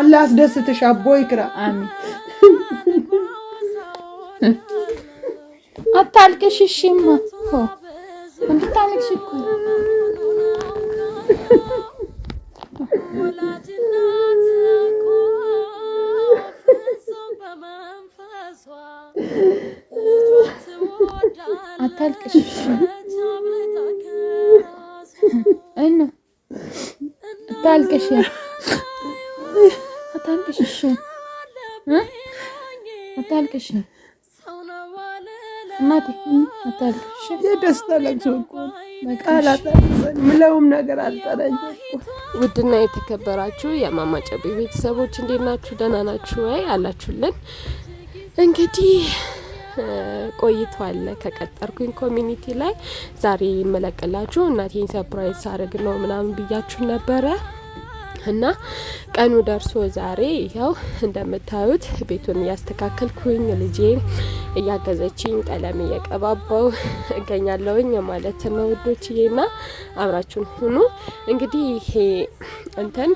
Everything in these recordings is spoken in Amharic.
አላህ አስደስትሽ። አቦ ይክራ። አሚን። አታልቅሽ። እሺማ እንድታልቅሽ እኮ አታልቅሽ። እና አታልቅሽ አታልቅሽ እናቴ የደስታ ለቅሶ እኮ ቃላት ምለውም ነገር አልጠረኝ። ውድና የተከበራችሁ የማማ ጨቢ ቤተሰቦች እንዴት ናችሁ? ደህና ናችሁ ወይ? አላችሁልን እንግዲህ ቆይቷል ከቀጠርኩኝ ኮሚኒቲ ላይ ዛሬ ይመለቅላችሁ እናቴን ሰፕራይዝ አድርግ ነው ምናምን ብያችሁ ነበረ። እና ቀኑ ደርሶ ዛሬ ያው እንደምታዩት ቤቱን እያስተካከልኩኝ ልጄ እያገዘችኝ ቀለም እየቀባባው እገኛለውኝ ማለት ነው ውዶችዬ። ና አብራችሁን ሁኑ። እንግዲህ ይሄ እንትን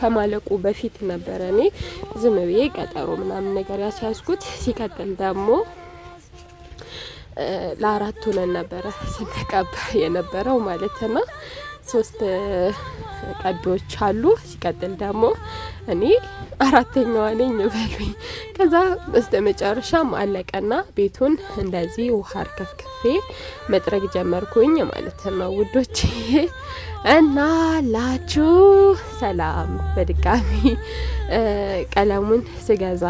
ከማለቁ በፊት ነበረ እኔ ዝም ብዬ ቀጠሮ ምናምን ነገር ያስያዝኩት። ሲቀጥል ደግሞ ለአራት ሆነን ነበረ ስንቀባ የነበረው ማለት ነው። ሶስት ቀቢዎች አሉ። ሲቀጥል ደግሞ እኔ አራተኛዋ ነኝ በሉኝ። ከዛ በስተ መጨረሻም አለቀና ቤቱን እንደዚህ ውሃ አርከፍክፌ መጥረግ ጀመርኩኝ ማለት ነው ውዶች። እና ላችሁ ሰላም በድጋሚ ቀለሙን ስገዛ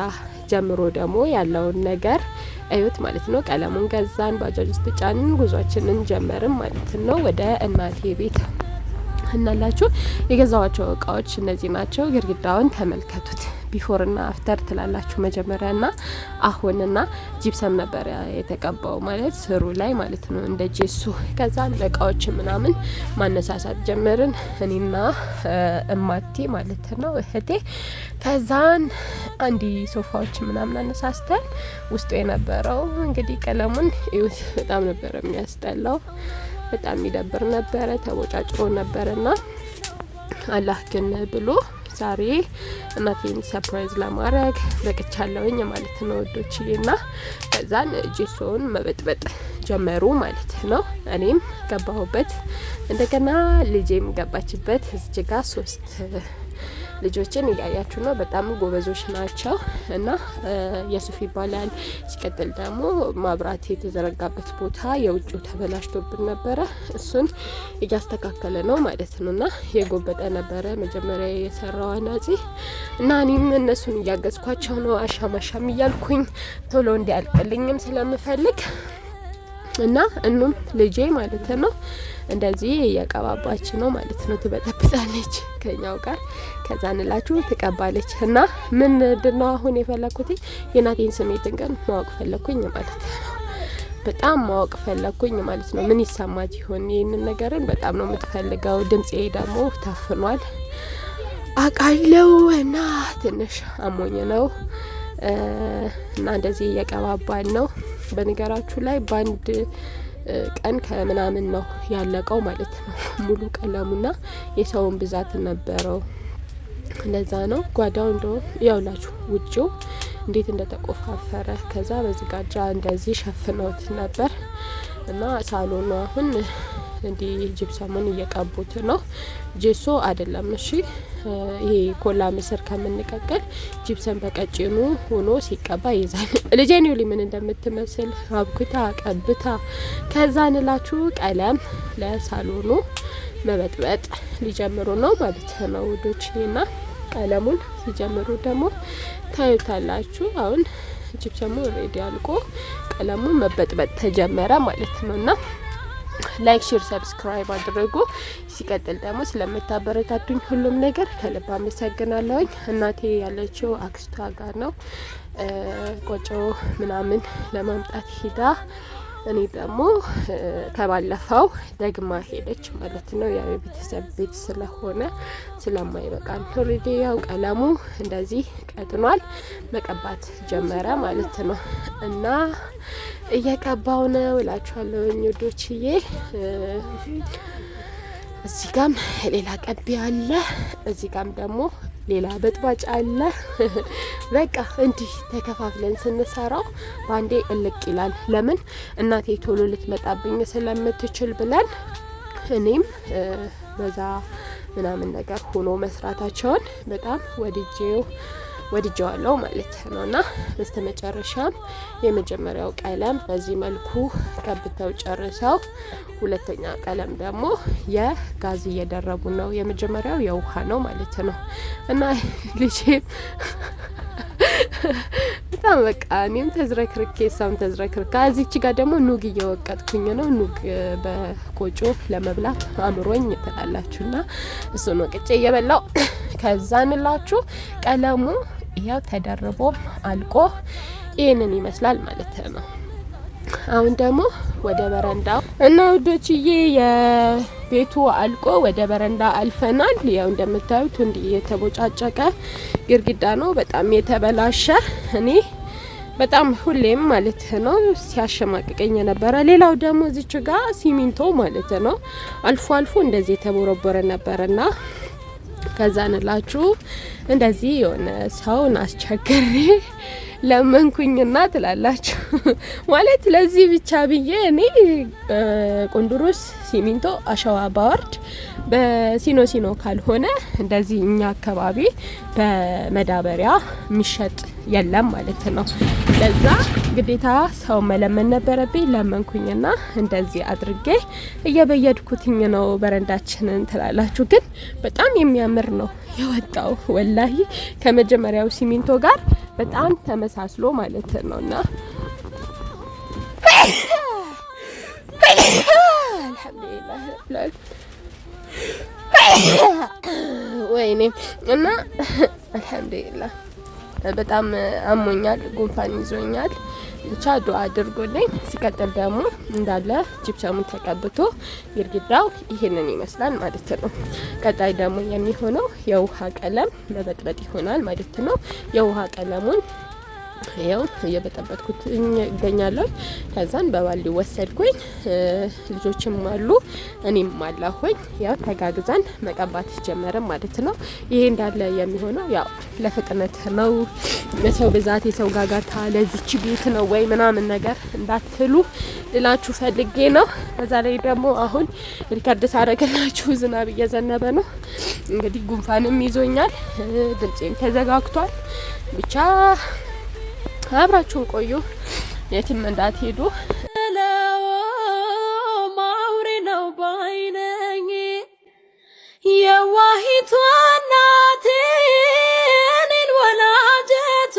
ጀምሮ ደግሞ ያለውን ነገር እዩት ማለት ነው። ቀለሙን ገዛን፣ ባጃጅ ውስጥ ጫንን፣ ጉዟችንን ጀመርን ማለት ነው ወደ እናቴ ቤት ታዩናላችሁ። የገዛዋቸው እቃዎች እነዚህ ናቸው። ግድግዳውን ተመልከቱት። ቢፎር ና አፍተር ትላላችሁ። መጀመሪያ ና አሁን ና ጂፕሰም ነበር የተቀባው ማለት ስሩ ላይ ማለት ነው እንደ ጄሱ። ከዛ እቃዎች ምናምን ማነሳሳት ጀመርን እኔና እማቴ ማለት ነው እህቴ። ከዛን አንዲ ሶፋዎች ምናምን አነሳስተን ውስጡ የነበረው እንግዲህ ቀለሙን በጣም ነበረ የሚያስጠላው። በጣም ይደብር ነበረ፣ ተቦጫጭሮ ነበረና አላህ ግን ብሎ ዛሬ እናቴን ሰርፕራይዝ ለማድረግ በቅቻለውኝ ማለት ነው ወዶችዬና፣ ከዛን ጄሶን መበጥበጥ ጀመሩ ማለት ነው። እኔም ገባሁበት፣ እንደገና ልጄም ገባችበት። እዚህ ጋ ሶስት ልጆችን እያያችሁ ነው። በጣም ጎበዞች ናቸው እና የሱፍ ይባላል። ሲቀጥል ደግሞ ማብራት የተዘረጋበት ቦታ የውጭው ተበላሽቶብን ነበረ። እሱን እያስተካከለ ነው ማለት ነው እና የጎበጠ ነበረ መጀመሪያ የሰራው አናጺ እና እኔም እነሱን እያገዝኳቸው ነው። አሻም እያልኩኝ ቶሎ እንዲያልቅልኝም ስለምፈልግ እና እኑም ልጄ ማለት ነው እንደዚህ እየቀባባች ነው ማለት ነው። ትበጠብጣለች ከኛው ጋር ከዛ እንላችሁ ትቀባለች። እና ምንድን ነው አሁን የፈለግኩት የእናቴን ስሜትን ቀን ማወቅ ፈለግኩኝ ማለት ነው። በጣም ማወቅ ፈለግኩኝ ማለት ነው። ምን ይሰማት ይሆን? ይህንን ነገርን በጣም ነው የምትፈልገው። ድምፄ ደግሞ ታፍኗል አቃለው እና ትንሽ አሞኝ ነው እና እንደዚህ እየቀባባል ነው በነገራችሁ ላይ በአንድ ቀን ከምናምን ነው ያለቀው ማለት ነው ሙሉ ቀለሙና የሰውን ብዛት ነበረው። ለዛ ነው ጓዳው እንደ ያውላችሁ ውጭው እንዴት እንደተቆፋፈረ። ከዛ በዝጋጃ እንደዚህ ሸፍነውት ነበር እና ሳሎኑ አሁን እንዲህ ጅብሰሙን እየቀቡት ነው። ጄሶ አይደለም እሺ። ይሄ ኮላ ምስር ከምንቀቅል ጅብሰን በቀጭኑ ሆኖ ሲቀባ ይይዛል። ልጄን ዩሊ ምን እንደምትመስል አብኩታ ቀብታ፣ ከዛ ንላችሁ ቀለም ለሳሎኑ መበጥበጥ ሊጀምሩ ነው ማለት ነው ውዶች ና ቀለሙን ሲጀምሩ ደግሞ ታዩታላችሁ። አሁን ጅብሰሙ ሬዲ አልቆ ቀለሙ መበጥበጥ ተጀመረ ማለት ነውና ላይክ፣ ሼር፣ ሰብስክራይብ አድርጉ። ሲቀጥል ደግሞ ስለምታበረታቱኝ ሁሉም ነገር ከልብ አመሰግናለሁኝ። እናቴ ያለችው አክስቷ ጋር ነው ቆጮ ምናምን ለማምጣት ሂዳ እኔ ደግሞ ከባለፈው ደግማ ሄደች ማለት ነው። ያው የቤተሰብ ቤት ስለሆነ ስለማይበቃ ቶልዴ ያው ቀለሙ እንደዚህ ቀጥኗል፣ መቀባት ጀመረ ማለት ነው። እና እየቀባው ነው እላችኋለሁ ወዶችዬ። እዚህ ጋም ሌላ ቀቢ አለ። እዚህ ጋም ደግሞ ሌላ በጥባጭ አለ። በቃ እንዲህ ተከፋፍለን ስንሰራው ባንዴ እልቅ ይላል። ለምን እናቴ ቶሎ ልትመጣብኝ ስለምትችል ብለን እኔም በዛ ምናምን ነገር ሆኖ መስራታቸውን በጣም ወድጄው ወድጀዋለው ማለት ነው። እና በስተ መጨረሻም የመጀመሪያው ቀለም በዚህ መልኩ ቀብተው ጨርሰው፣ ሁለተኛ ቀለም ደግሞ የጋዝ እየደረቡ ነው። የመጀመሪያው የውሃ ነው ማለት ነው። እና ልጄ በጣም በቃ እኔም ተዝረክርኬ እሷም ተዝረክርካ እዚች ጋር ደግሞ ኑግ እየወቀጥኩኝ ነው። ኑግ በቆጮ ለመብላት አምሮኝ ትላላችሁና እሱን ወቅጬ እየበላው ከዛ ንላችሁ ቀለሙ ያው ተደርቦም አልቆ ይህንን ይመስላል ማለት ነው። አሁን ደግሞ ወደ በረንዳ እና ውዶችዬ የቤቱ አልቆ ወደ በረንዳ አልፈናል። ያው እንደምታዩት እንዲ የተቦጫጨቀ ግድግዳ ነው፣ በጣም የተበላሸ እኔ በጣም ሁሌም ማለት ነው ሲያሸማቅቀኝ ነበረ። ሌላው ደግሞ እዚች ጋር ሲሚንቶ ማለት ነው አልፎ አልፎ እንደዚህ የተቦረቦረ ነበርና ከዛ ንላችሁ እንደዚህ የሆነ ሰውን አስቸግሬ ለመንኩኝና ትላላችሁ ማለት ለዚህ ብቻ ብዬ እኔ ቁንዱሩስ ሲሚንቶ አሸዋ ባወርድ በሲኖ ሲኖ ካልሆነ እንደዚህ እኛ አካባቢ በመዳበሪያ የሚሸጥ የለም ማለት ነው። ለዛ ግዴታ ሰው መለመን ነበረብኝ። ለመንኩኝና እንደዚህ አድርጌ እየበየድኩትኝ ነው በረንዳችንን ትላላችሁ፣ ግን በጣም የሚያምር ነው የወጣው ወላሂ ከመጀመሪያው ሲሚንቶ ጋር በጣም ተመሳስሎ ማለት ነው እና ወይኔ እና አልሐምዱሊላህ በጣም አሞኛል፣ ጉንፋን ይዞኛል። ብቻ ዱአ አድርጎልኝ። ሲቀጥል ደግሞ እንዳለ ጅብሰሙን ተቀብቶ ግድግዳው ይሄንን ይመስላል ማለት ነው። ቀጣይ ደግሞ የሚሆነው የውሃ ቀለም መበጥበጥ ይሆናል ማለት ነው። የውሃ ቀለሙን ይኸው እየበጠበጥኩት ይገኛለሁ። ከዛን በባልዲ ወሰድኩኝ። ልጆችም አሉ እኔም አላሁኝ። ያው ተጋግዛን መቀባት ጀመረ ማለት ነው። ይሄ እንዳለ የሚሆነው ያው ለፍጥነት ነው። የሰው ብዛት፣ የሰው ጋጋታ ለዚች ቤት ነው ወይ ምናምን ነገር እንዳትሉ ልላችሁ ፈልጌ ነው። በዛ ላይ ደግሞ አሁን ሪከርድ ሳረገላችሁ ዝናብ እየዘነበ ነው። እንግዲህ ጉንፋንም ይዞኛል፣ ድምፄም ተዘጋግቷል ብቻ አብራችሁን ቆዩ፣ የትም እንዳትሄዱ። ማውሬ ነው ባይነኝ የዋሂቷ እናቴ እኔን ወላጀቷ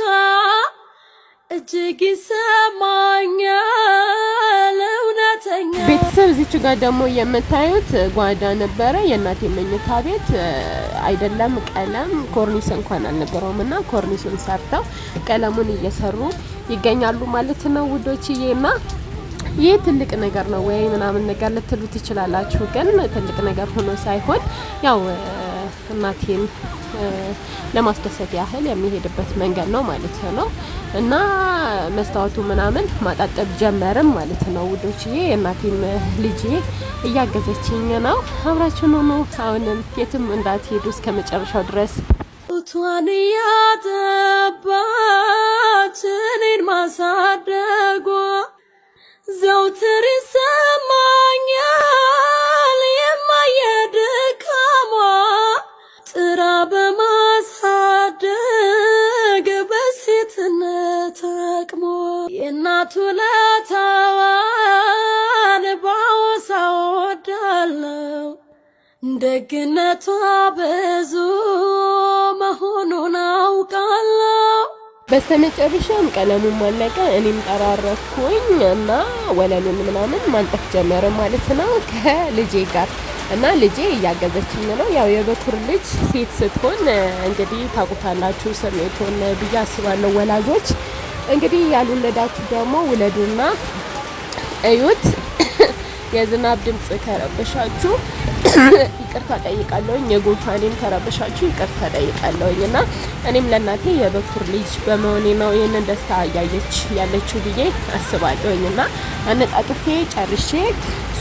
እጅግ ይሰማኛል እውነተኛ ቤተሰብ። እዚች ጋር ደግሞ የምታዩት ጓዳ ነበረ የእናቴ መኝታ ቤት አይደለም ቀለም ኮርኒስ እንኳን አልነበረውም እና ኮርኒሱን ሰርተው ቀለሙን እየሰሩ ይገኛሉ ማለት ነው ውዶችዬ እና ይህ ትልቅ ነገር ነው ወይ ምናምን ነገር ልትሉ ትችላላችሁ። ግን ትልቅ ነገር ሆኖ ሳይሆን ያው እናቴን ለማስደሰት ያህል የሚሄድበት መንገድ ነው ማለት ነው። እና መስታወቱ ምናምን ማጣጠብ ጀመርም ማለት ነው ውዶችዬ። የእናቴም ልጅ እያገዘችኝ ነው። አብራችን ሆኖ አሁንም የትም እንዳትሄዱ እስከ መጨረሻው ድረስ ቷን እያጠባች እኔን ማሳደጓ ዘውትር ይሰማኛል። ደግነቷ ብዙ መሆኑን አውቃለሁ። በስተመጨረሻም ቀለሙን አለቀ። እኔም ጠራረኩኝ እና ወለሉን ምናምን ማንጠፍ ጀመረ ማለት ነው ከልጄ ጋር እና ልጄ እያገዘችኝ ነው። ያው የበኩር ልጅ ሴት ስትሆን እንግዲህ ታውቁታላችሁ ስሜቱን ብዬ አስባለሁ። ወላጆች እንግዲህ ያልወለዳችሁ ደግሞ ውለዱና እዩት። የዝናብ ድምጽ ከረበሻችሁ ይቅርታ ጠይቃለሁኝ፣ የጉንፋኔም ከረበሻችሁ ይቅርታ ጠይቃለሁኝ እና እኔም ለእናቴ የበኩር ልጅ በመሆኔ ነው ይህንን ደስታ እያየች ያለችው ብዬ አስባለሁኝ እና አነጣጥፌ ጨርሼ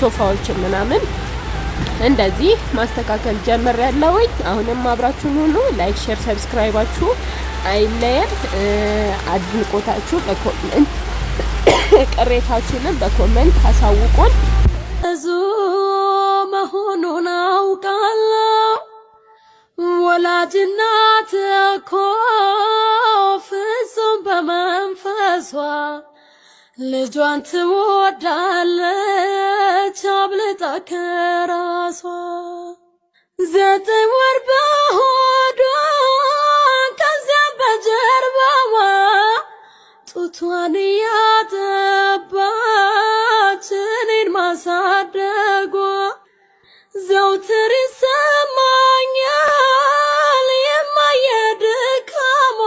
ሶፋዎች ምናምን እንደዚህ ማስተካከል ጀምር ያለውኝ። አሁንም አብራችሁን ሁሉ ላይክ፣ ሼር፣ ሰብስክራይባችሁ አይለየን። አድንቆታችሁ ቅሬታችሁንም በኮመንት አሳውቁን። ብዙ መሆኑን አውቃለሁ። ወላጅ እኮ ፍጹም በመንፈሷ ልጇን ትወዳለች አብልጣ ከራሷ ዘጠኝ ወር በሆዷ ከዚያም በጀርባዋ ጡቷን እያጠባች ማሳደጎ ዘውትር ይሰማኛል የማየድካሟ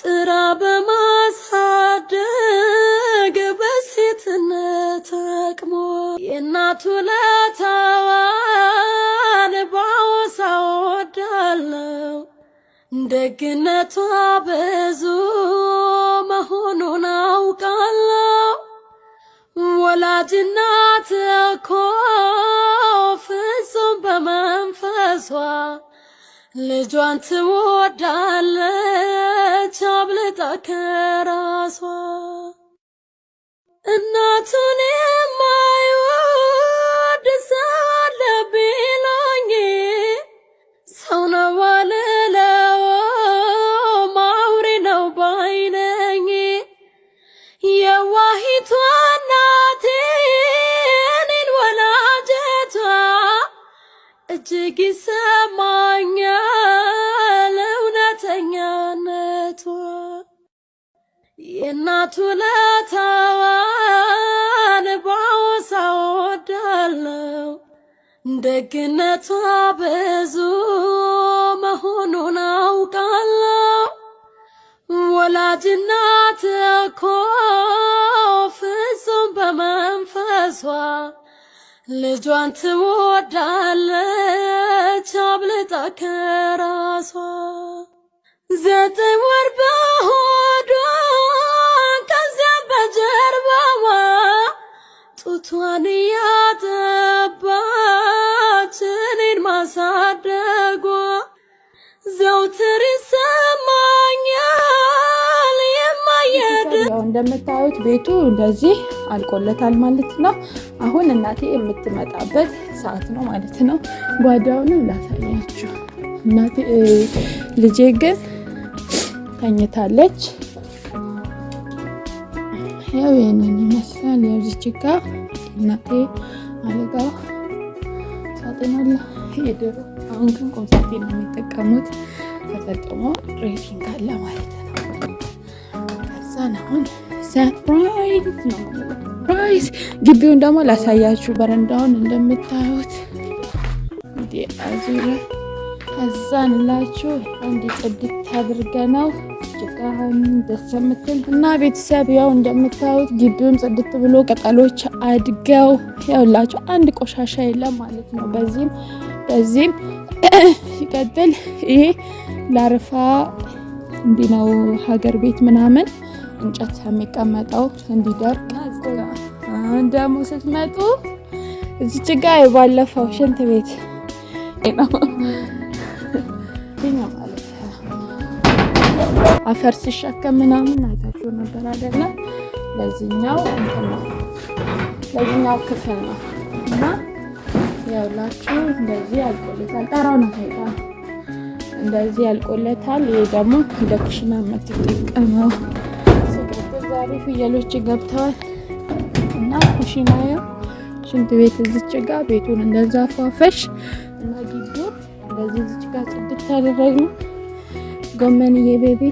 ጥራ በማሳደግ በሴትነት አቅሟ የእናቱ ለታዋን ባወሳ ወዳለው ደግነቷ ብዙ መሆኑን አውቃለሁ። ወላጅናት እናት እኮ ፍጹም በመንፈሷ ልጇን ትወዳለች አብልጣ ከራሷ እናቱን የማዩ ይሰማኛል እውነተኛነቷ የእናቱ ለታዋን ባወሳ ወዳለው ደግነቷ ብዙ መሆኑን አውቃለው። ወላጅናት እኮ ፍጹም በመንፈሷ ልጇን ትወዳለች አብልጣ ከራሷ ዘጠኝ ወር በሆዷ ከዚያ በጀርባዋ ጡቷን እያጠባች እኔን ማሳደጓ ዘውትር ይሰማኛል የማየድ እንደምታዩት ቤቱ እንደዚህ አልቆለታል ማለት ነው። አሁን እናቴ የምትመጣበት ሰዓት ነው ማለት ነው። ጓዳውንም ላሳያችሁ። እናቴ ልጄ ግን ተኝታለች። ያው ይህንን ይመስላል። ያው ዝችጋ እናቴ አልጋ ሳጥናለ የድሮ አሁን ግን ቆምሳቴ ነው የሚጠቀሙት። ተጠቅሞ ሬሲንግ አለ ማለት ነው። ከዛን አሁን ሰርፕራይዝ ነው ሰርፕራይዝ። ግቢውን ደግሞ ላሳያችሁ። በረንዳውን እንደምታዩት እንዲ አዙረ ከዛንላችሁ አንድ ጽድት አድርገ ነው ጭቃን ደስ የምትል እና ቤተሰብ ያው እንደምታዩት ግቢውም ጽድት ብሎ ቅጠሎች አድገው ያውላችሁ አንድ ቆሻሻ የለም ማለት ነው። በዚህም በዚህም ሲቀጥል ይሄ ላርፋ እንዲህ ነው ሀገር ቤት ምናምን እንጨት የሚቀመጠው እንዲደርቅ ደግሞ ስትመጡ እዚች ጭጋ የባለፈው ሽንት ቤት ነው። አፈር ሲሸከም ምናምን አይታችሁ ነበር አይደለ? ለዚህኛው ለዚህኛው ክፍል ነው እና ያውላችሁ እንደዚህ ያልቆለታል። ጣራው ነው ታይታ እንደዚህ ያልቆለታል። ይሄ ደግሞ እንደ ኩሽና የምትጠቀመው ዛሬ ፍየሎች ገብተዋል እና ኩሽናዬ ሽንት ቤት እዚች ጋ ቤቱን እንደዛ ፏፈሽ እና ግቢው እንደዚህ እዚች ጋ ጽድት ነው። ጎመንዬ ቤቢ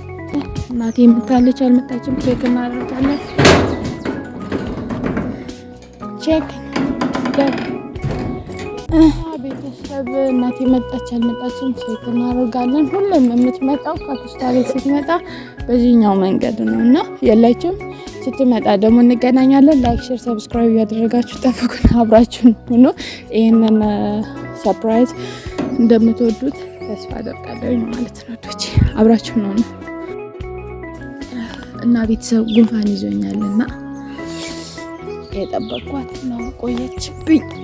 እናቴ የምታለች አልመጣችም። ቼክ እናደርጋለን። ቼክ ቤተሰብ እናቴ መጣች አልመጣችም፣ ቼክ እናደርጋለን። ሁሉም የምትመጣው ከክስታ ቤት ስትመጣ በዚህኛው መንገድ ነው እና የላችሁም። ስትመጣ ደግሞ እንገናኛለን። ላይክ፣ ሼር፣ ሰብስክራይብ እያደረጋችሁ ጠብቁን። አብራችሁን ሁኑ። ይህንን ሰርፕራይዝ እንደምትወዱት ተስፋ አደርጋለሁ ማለት ነው። ዶች አብራችሁ ነው እና ቤተሰብ ጉንፋን ይዞኛል እና የጠበቅኳት ነው ቆየችብኝ።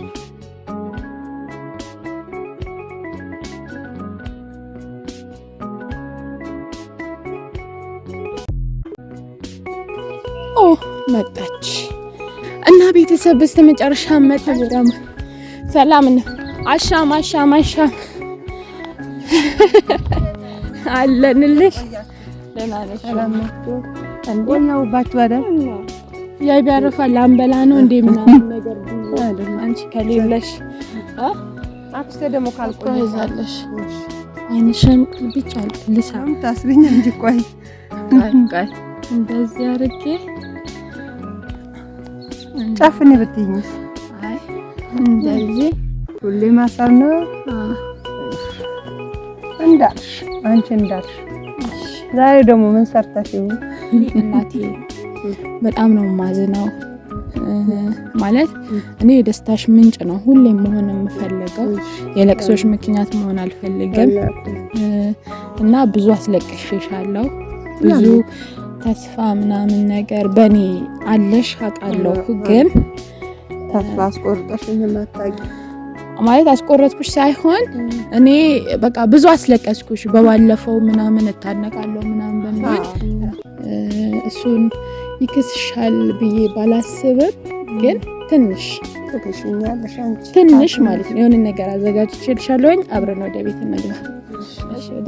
መጣች እና ቤተሰብ በስተ መጨረሻ መጣ። ጎዳማ ሰላም ነው። አሻም አሻም አሻም አለንልሽ። ደህና ነሽ? ያይ ቢያረፋል አንበላ ነው እንዴ ምናምን ነገር አንቺ ከሌለሽ አክስቴ ደግሞ ካልቆይዛለሽ አይንሽን ብቻ ልሳ ታስሪኝ እንጂ ቆይ እንደዚህ አርጌ ጨፍኔ ብትይኝስ? እንደዚህ ሁሌ ማሰር ነው እንዳልሽ፣ አንቺ እንዳልሽ። ዛሬ ደግሞ ምን ሰርተሽ ይሁን? እናቴ በጣም ነው የማዝነው። ማለት እኔ የደስታሽ ምንጭ ነው ሁሌ መሆን የምፈልገው፣ የለቅሶሽ ምክንያት መሆን አልፈልግም እና ብዙ አስለቅሼሻለሁ ብዙ ተስፋ ምናምን ነገር በእኔ አለሽ አውቃለሁ፣ ግን ተስፋ አስቆርጠሽ ማለት አስቆረጥኩሽ ሳይሆን እኔ በቃ ብዙ አስለቀስኩሽ። በባለፈው ምናምን እታነቃለሁ ምናምን በሚል እሱን ይክስሻል ብዬ ባላስብም ግን ትንሽ ትንሽ ማለት ነው የሆነ ነገር አዘጋጅቼልሻለሁኝ። አብረን ወደ ቤት እንግባ።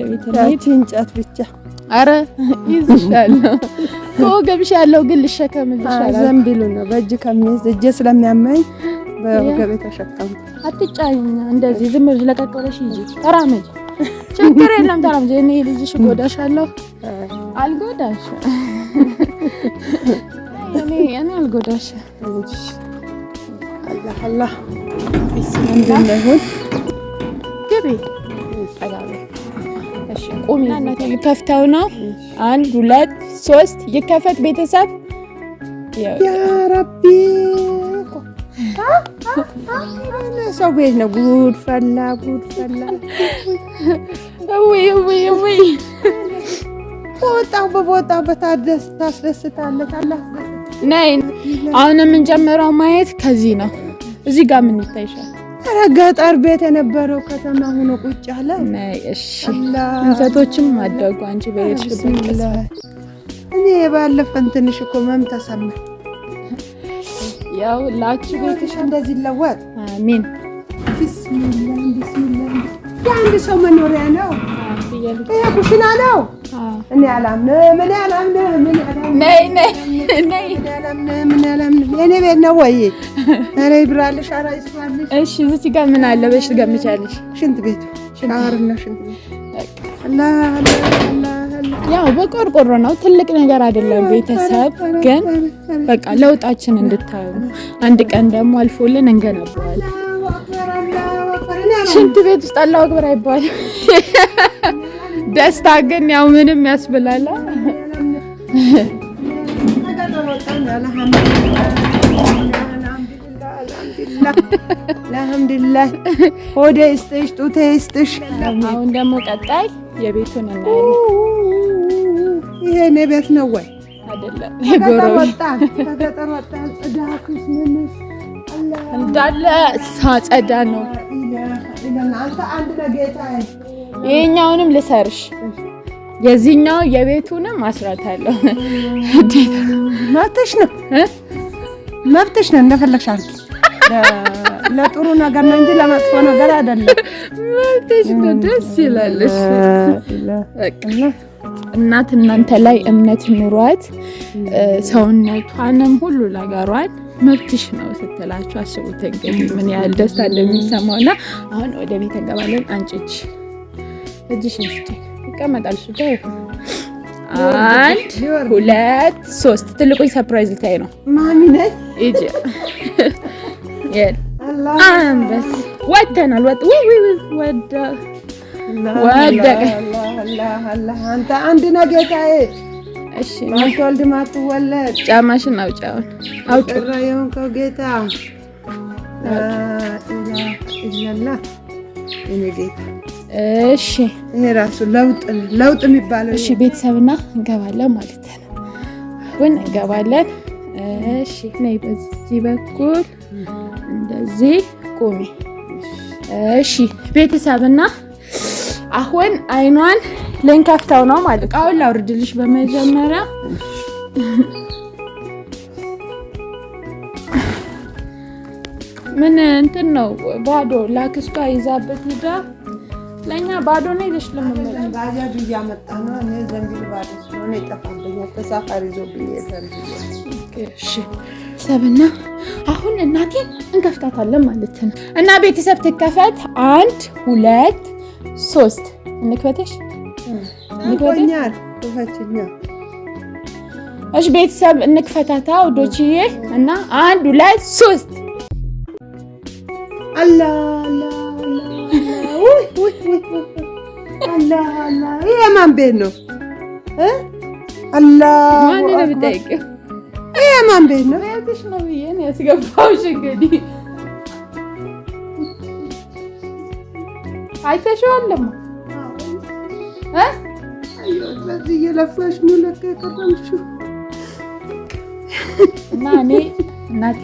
ወደ ቤት እንጨት ብቻ አረ ይዝሻል ይዝሻለሁ ከወገብሻለሁ፣ ግን ልሸከምልሽ ዘንቢሉ ነው በእጅ ከሚይዝ እጄ ስለሚያመኝ በወገቤ ተሸከሙ። አትጫኝ እንደዚህ ዝም ብለሽ ለቀቀለሽ ብለሽ ይዤ ተራመጂ። ችግር የለም ተራመጅ። እኔ ልጅሽ እጎዳሻለሁ። አልጎዳሽ እኔ እኔ አልጎዳሽ አላህ አላህ ይስማን እንደሆነ ግቢ ቁም ከፍተው ነው። አንድ ሁለት ሶስት ይከፈት። ቤተሰብ ያረቢ ሰው ቤት ነው። ጉድ ፈላ ጉድ ፈላ። እውይ እውይ አሁን የምንጀምረው ማየት ከዚህ ነው። እዚህ ጋር ምን ይታይሻል? ገጠር ቤት የነበረው ከተማ ሆኖ ቁጭ አለ። እንሰቶችም አደጉ። አንቺ እኔ የባለፈን ትንሽ እኮ መም ተሰማ ያው ላች ቤትሽ እንደዚህ ይለወጥ። አሚን። ቢስሚላህ ቢስሚላህ የአንድ ሰው መኖሪያ ነው። ይሄ ኩሽና ነው። እኔ አላምንም፣ እኔ አላምንም፣ እኔ አላምንም። እኔ ቤት ነው ወይ እኔ ይብራልሽ። እሺ እዚህ ጋር ምን አለ በሽ ትገምቻለሽ? ሽንት ቤት ሻወርና ሽንት ቤቱ ያው በቆርቆሮ ነው። ትልቅ ነገር አይደለም። ቤተሰብ ግን በቃ ለውጣችን እንድታዩ አንድ ቀን ደግሞ አልፎልን እንገነባዋለን። ሽንት ቤት ውስጥ አላሁ አክበር አይባል። ደስታ ግን ያው ምንም ያስብላል። አልሐምዱሊላህ ሆዴ ይስጥሽ፣ ጡቴ ይስጥሽ። አሁን ደግሞ ቀጣይ የቤቱን እናያለን። ይሄ እኔ ቤት ነው ወይ አይደለም? እንዳለ ሳጸዳ ነው ይሄኛውንም ልሰርሽ የዚህኛው የቤቱንም አስራታለሁ። ግዴታ መብትሽ ነው መብትሽ ነው። እንደፈለግሽ አድርጊ። ለጥሩ ነገር ነው እንጂ ለመጥፎ ነገር አይደለም። መብትሽ ነው። ደስ ይላለሽ። እናት እናንተ ላይ እምነት ኑሯት ሰውነቷንም ሁሉ ነገሯን መብትሽ ነው ስትላችሁ አስቡት እንግዲህ ምን ያህል ደስታ እንደሚሰማው እና አሁን ወደ ቤት እንገባለን። አንቺ እጅ እጅሽ ንስቲ ይቀመጣል። ሱዳ ጋር አንድ ሁለት ሶስት። ትልቁኝ ሰርፕራይዝ ልታይ ነው ማሚነት ማሚነጅ አንበስ ወተናል ወደ ወደቀ አንድ ነገ እሺ ማትወልድ ማትወለድ ጫማሽን አውጫውን አውጭራ የሆንከው ጌታ ኢላላ እኔ ጌታ። እሺ ይሄ ራሱ ለውጥ ለውጥ የሚባለው እሺ። ቤተሰብና እንገባለን ማለት ነው። አሁን እንገባለን። እሺ ነይ፣ በዚህ በኩል እንደዚህ ቁሚ። እሺ ቤተሰብና አሁን አይኗን ልንከፍተው ነው ማለት ነው። አሁን ላውርድልሽ በመጀመሪያ ምን እንትን ነው ባዶ ላክስቷ ይዛበት ሂዳ ለእኛ ባዶ ነው ይዘሽ ለመመለስ እያመጣ ነው። እኔ ዘንቢል ባዶ ስለሆነ ይጠፋብኛል። ተሳፋሪ ይዞ ሰብና አሁን እናቴ እንከፍታታለን ማለት ነው እና ቤተሰብ ትከፈት። አንድ ሁለት ሶስት እንክፈተሽ ንቆኛል እሺ ቤተሰብ እንክፈታታ ውዶችዬ እና አንድ ሁለት ሶስት አላ አላ ቤት ነው እ ማን ነው የምጠይቀው? ይሄ ቤት ነው? ቤትሽ ነው ብዬሽ ነው ያስገባሁሽ። እንግዲህ አይተሽዋል እ በዚህ እየለፋሽ ነው ለካ የቀረምሽው እና እኔ እናቴ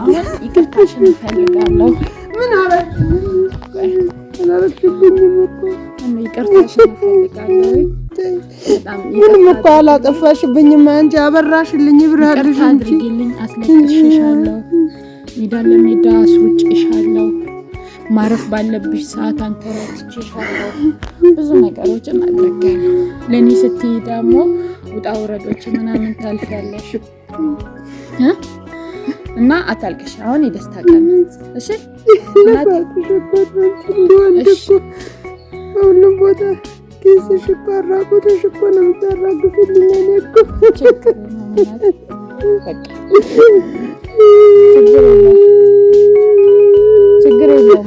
አሁን ይቅርታሽን እፈልጋለሁ። ምን አላረግሽብኝም እኮ ይቅርታሽን እኮ አላጠፋሽብኝም። አንቺ አበራሽልኝ፣ ይብርሃልሽ እንጂ አስለቅሽሻለሁ፣ ሜዳ ለሜዳ አስወጭሻለሁ ማረፍ ባለብሽ ሰዓት አንከራትቼሻለሁ። ብዙ ነገሮችን አድረገ ለእኔ ስትይ ደግሞ ውጣ ውረዶች ምናምን ታልፊያለሽ እና አታልቅሽ። አሁን የደስታ ቀን እሺ። ሁሉም ቦታ ነው ችግር ችግር የለም።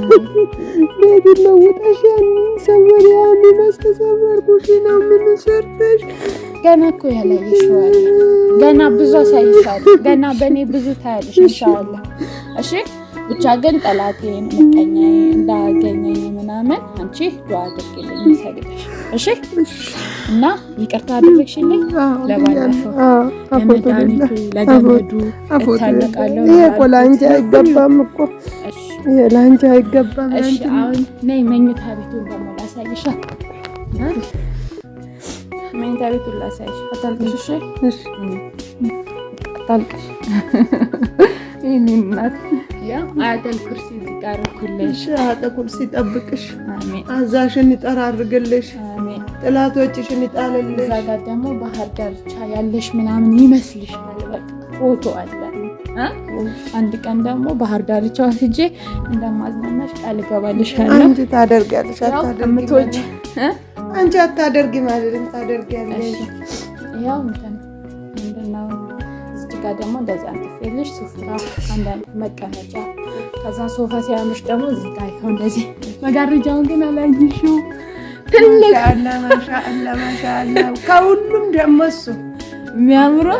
ቤቱን ለውጠሻል። ሰወሪያ ሚመስል ሰፈር ኩሽና ምንሰርተሽ ገና እኮ ያላየሽዋል። ገና ብዙ አሳይሻል። ገና በእኔ ብዙ ታያለሽ ኢንሻላህ። እሺ ብቻ ግን ጠላቴን ምቀኛዬ እንዳያገኘኝ ምናምን አንቺ ዱዓ አድርጊልኝ ሰግደሽ እሺ። እና ይቅርታ አድርግሽልኝ ለባለፈው ለመድኃኒቱ ለገመዱ እታነቃለሁ። ይሄ እኮ ለአንቺ አይገባም እኮ ለአንቺ አይገባም። እሺ አሁን ነይ መኝታ ቤቱን ደግሞ ላሳይሻል። መኝታ ቤቱን ላሳይሽ። አታልቅሽ፣ አታልቅሽ። የእኔ እናት አያተል ኩርሲ ይጠርኩልሽ፣ አያተል ኩርሲ ይጠብቅሽ፣ አዛሽን ይጠራርግልሽ፣ ጥላቶችሽን ይጣልልሽ። እዛ ጋር ደግሞ ባህር ዳርቻ ያለሽ ምናምን ይመስልሻል። ፎቶ አለ አንድ ቀን ደግሞ ባህር ዳርቻው ሂጄ እንደማዝናናሽ ቃል እገባልሻለሁ። አንቺ ታደርጊያለሽ። ምቶች አንቺ አታደርጊ ማለት ታደርጊያለሽ። ያው እንትን ምንድን ነው እዚህ ጋር ደግሞ እንደዚህ አንጥፌልሽ ሱፍራ፣ አንዳንድ መቀመጫ፣ ከዛ ሶፋ ሲያምሽ ደግሞ እዚህ ጋር ይኸው እንደዚህ መጋረጃውን ግን አላየሽው። ትልቅ ማሻአላ ማሻአላ። ከሁሉም ደግሞ እሱ የሚያምረው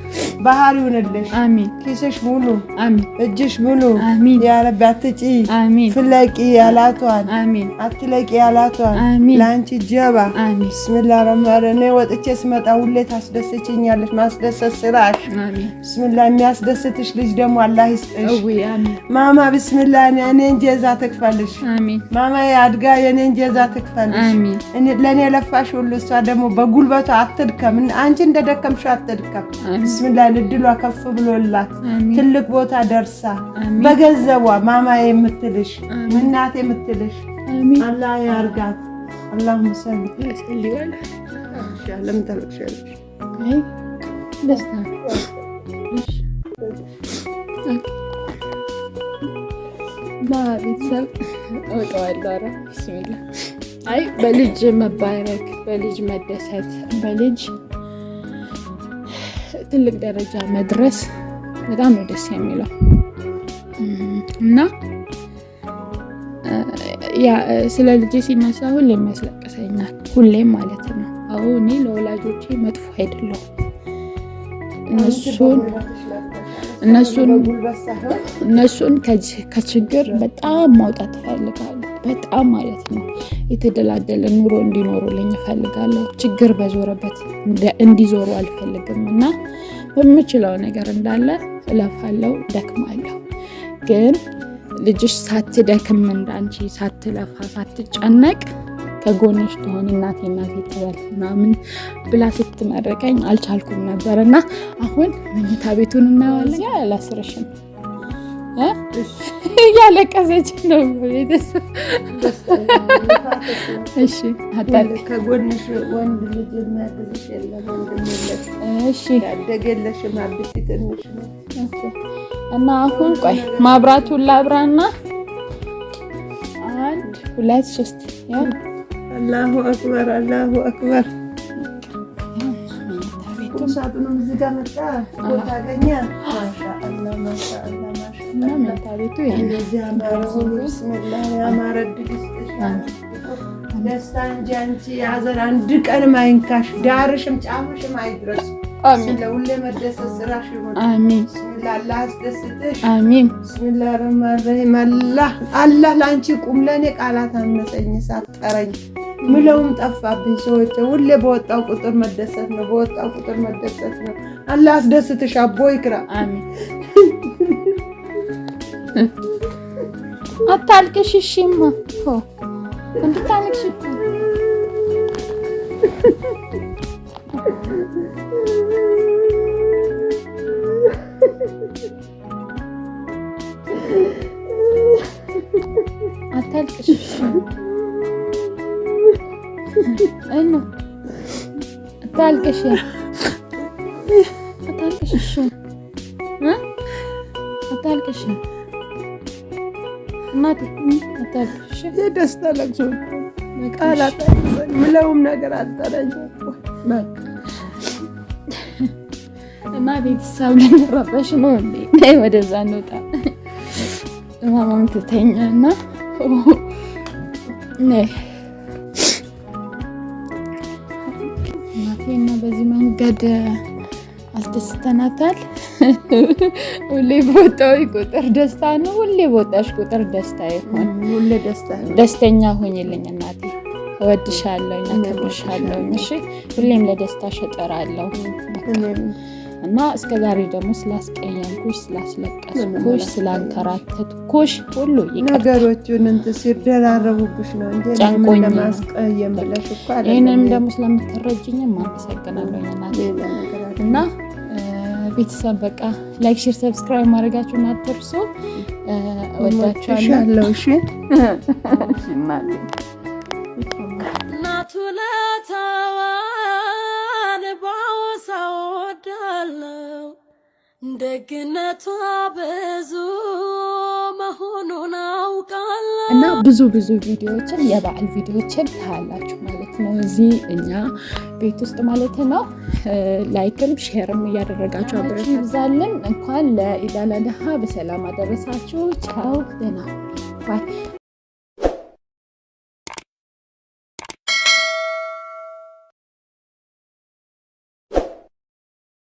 ባህር ይሁንልሽ። አሚን። ኪስሽ ሙሉ፣ አሚን። እጅሽ ሙሉ፣ አሚን። ያረቢ አትጪ፣ አሚን። ፍለቂ ያላቷን፣ አሚን። አትለቂ ያላቷን፣ አሚን። ለአንቺ ጀባ፣ አሚን። ብስሚላ ረማረ እኔ ወጥቼ ስመጣ ሁሌ ታስደሰችኛለሽ። ማስደሰት ስራሽ፣ አሚን። ብስሚላ የሚያስደስትሽ ልጅ ደግሞ አላህ ይስጥሽ። አሚን። ማማ ብስሚላ የእኔን ጀዛ ትክፈልሽ፣ አሚን። ማማ አድጋ የእኔን ጀዛ ትክፈልሽ፣ አሚን። ለእኔ ለፋሽ ሁሉ እሷ ደግሞ በጉልበቷ አትድከም፣ አንቺ እንደደከምሽ አትድከም። አሚን። ቢስሚላ እድሏ ከፍ ብሎላት ትልቅ ቦታ ደርሳ በገንዘቧ ማማ የምትልሽ እናት የምትልሽ አላ ያርጋት። አላሁመ ሰሊ በልጅ መባረክ፣ በልጅ መደሰት፣ በልጅ ትልቅ ደረጃ መድረስ በጣም ነው ደስ የሚለው እና ስለ ልጄ ሲነሳ ሁሌም ያስለቅሰኛል። ሁሌም ማለት ነው። አሁ እኔ ለወላጆቼ መጥፎ አይደለሁም። እነሱን ከችግር በጣም ማውጣት እፈልጋለሁ። በጣም ማለት ነው የተደላደለ ኑሮ እንዲኖሩልኝ እፈልጋለሁ። ችግር በዞረበት እንዲዞሩ አልፈልግም እና በምችለው ነገር እንዳለ እለፋለሁ፣ ደክማለሁ። ግን ልጅሽ ሳትደክም እንዳንቺ ሳትለፋ ሳትጨነቅ ከጎንሽ ትሆን እናቴ እናቴ ትበል ምናምን ብላ ስትመረቀኝ አልቻልኩም ነበር እና አሁን መኝታ ቤቱን እናያለን። አላስረሽም እያለቀሰች ነው። ቤተሰብ ከጎንሽ ወንድ ልጅ የሚያግዝሽ የለም፣ ወንድም ያደገለሽም አብሽ ትንሽ ነው እና አሁን ቆይ ማብራቱን ላብራና አንድ ሁለት ሶስት አላሁ አክበር አላሁ አክበር ሳጥኑም እዚህ ጋር መጣ ቦታ አገኘ ማሻአላ ማሻአላ መኝታ ቤቱ ደስታ እንጂ አንቺ የሀዘን አንድ ቀን ማይንካሽ፣ ዳርሽም ጫፍሽም አይድረስ። ሁሌ መደሰት ስራሽ ይሁን። አላህ አስደስትሽ። ብስሚላህ ረህማን ረሂም። አላህ ለአንቺ ቁም ለእኔ ቃላት አነሰኝ ሳትጠረኝ ምለውም ጠፋብኝ። ሰዎች ሁሌ በወጣው ቁጥር መደሰት ነው፣ በወጣው ቁጥር መደሰት ነው። አላህ አስደስትሽ። አቦ ይክራ አታልቅሽ። እሺማ እንድታልቅሽ አታልቅሽ። አታልቅሽ አታልቅሽ አታልቅሽ የደስታ ለቅሶ ቃላት ምለውም ነገር እና ቤተሰብ ልንረበሽ ነው እንዴ? ወደዛ እንውጣ። ትተኛ እና እና በዚህ መንገድ አስደስተናታል። ሁሌ ቦታው ቁጥር ደስታ ነው። ሁሌ ቦታሽ ቁጥር ደስታ ይሆን። ደስተኛ ሆኝልኝ እናቴ። እወድሻለሁ፣ አከብርሻለሁ። እሺ ሁሌም ለደስታሽ እጥራለሁ። እና እስከ ዛሬ ደግሞ ስላስቀየምኩሽ፣ ስላስለቀስኩሽ፣ ስላንከራተትኩሽ ሁሉ ነገሮቹን እንትን ሲደራረቡብሽ ነው እንጂ ጨንቆኝ ለማስቀየም ብለሽ እኮ አይደለም። ይህንንም ደግሞ ስለምትረጅኝም አመሰግናለሁ እና ቤተሰብ በቃ ላይክ፣ ሼር፣ ሰብስክራይብ ማድረጋችሁን አትርሱ። እወዳችኋለሁ። እሺ እናቱ ለተዋን ደግነቷ ብዙ መሆኑን አውቃለሁ እና ብዙ ብዙ ቪዲዮዎችን የበዓል ቪዲዮዎችን ታያላችሁ ማለት ነው እዚህ እኛ ቤት ውስጥ ማለት ነው። ላይክም ሼርም እያደረጋችሁ አብረን ይብዛልን። እንኳን ለኢድ አል አድሃ በሰላም አደረሳችሁ። ቻው ደህና